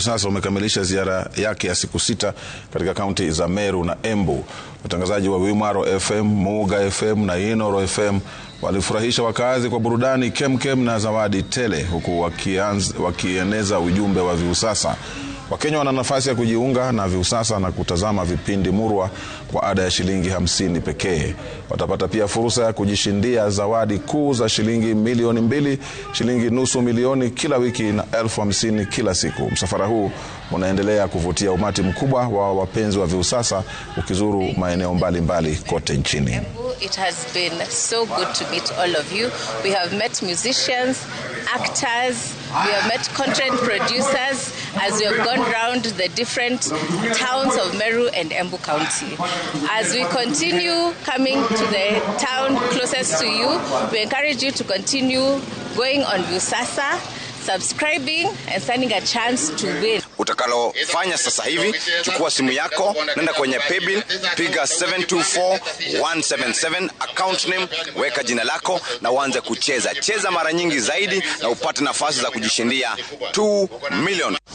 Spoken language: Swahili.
sasa umekamilisha ziara yake ya siku sita katika kaunti za Meru na Embu. Watangazaji wa Wimaro FM, Muuga FM na Inoro FM walifurahisha wakazi kwa burudani kemkem na zawadi tele, huku wakieneza ujumbe wa Viusasa. Wakenya wana nafasi ya kujiunga na Viusasa na kutazama vipindi murwa kwa ada ya shilingi hamsini pekee. Watapata pia fursa ya kujishindia zawadi kuu za shilingi milioni mbili, shilingi nusu milioni kila wiki na elfu hamsini kila siku. Msafara huu unaendelea kuvutia umati mkubwa wa wapenzi wa Viusasa ukizuru maeneo mbalimbali mbali kote nchini. It has been so good to meet all of you. We have met musicians, actors, we have met content producers as we have gone around the different towns of Meru and Embu County. As we continue coming to the town closest to you, we encourage you to continue going on Busasa, subscribing and sending a chance to win. Utakalofanya sasa hivi, chukua simu yako, nenda kwenye paybill, piga 724177 account name, weka jina lako na uanze kucheza. Cheza mara nyingi zaidi na upate nafasi za kujishindia 2 million.